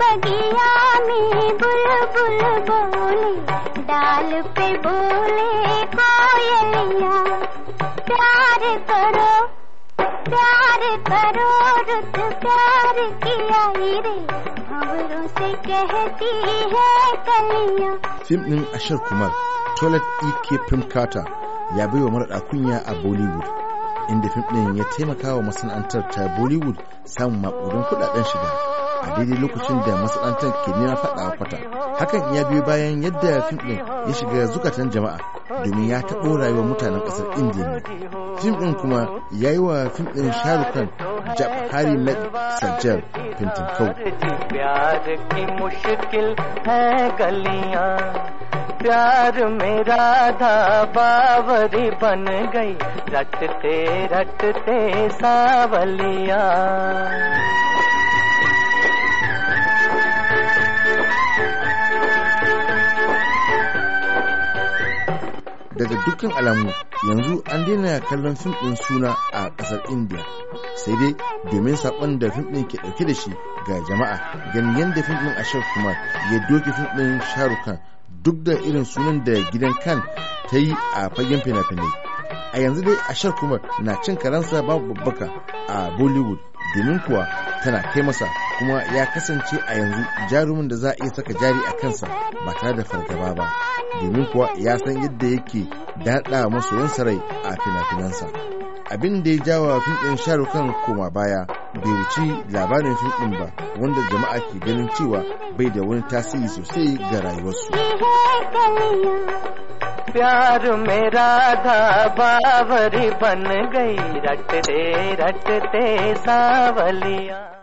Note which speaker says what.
Speaker 1: बगिया में बुलबुल बोले डाल पे बोले कोयलिया प्यार करो प्यार करो रुत प्यार किया रे खबरों से कहती है कलिया film
Speaker 2: ɗin Ashar Kumar Toilet E.K. Prim Carter ya bai wa maraɗa kunya a Bollywood inda fim ɗin ya taimaka wa masana'antar ta Bollywood samun maƙudan kuɗaɗen shiga. a daidai lokacin da masana'antar ke fada a kwata hakan ya biyo bayan yadda fim ɗin ya shiga zukatan jama'a domin ya taɓo rayuwar mutanen ƙasar indiya ne fim ɗin kuma ya yi wa fim ɗin sharukan khan jabhari sajjar fintin fintinkau
Speaker 3: प्यार मेरा था बावरी बन गई रटते रटते Savaliya
Speaker 2: daga dukkan alamu yanzu an daina kallon fim ɗin suna a ƙasar india sai dai domin saƙon da fim ɗin ke ɗauke da shi ga jama'a ganin yadda fim ɗin ashok kumar ya doke fim ɗin sharukan duk da irin sunan da gidan kan ta yi a fagen fina-finai a yanzu dai ashar kumar na cin karansa babu babbaka a bollywood domin kuwa tana kai masa kuma ya kasance a yanzu jarumin da za a iya saka jari a kansa ba tare da fargaba ba domin kuwa ya san yadda yake daɗa masoyansa rai a fina-finansa abin da ya jawa fim ɗin sharukan koma baya bai wuci labarin fim ɗin ba wanda jama'a ke ganin cewa bai da wani tasiri sosai ga rayuwarsu
Speaker 3: प्यार मेरा था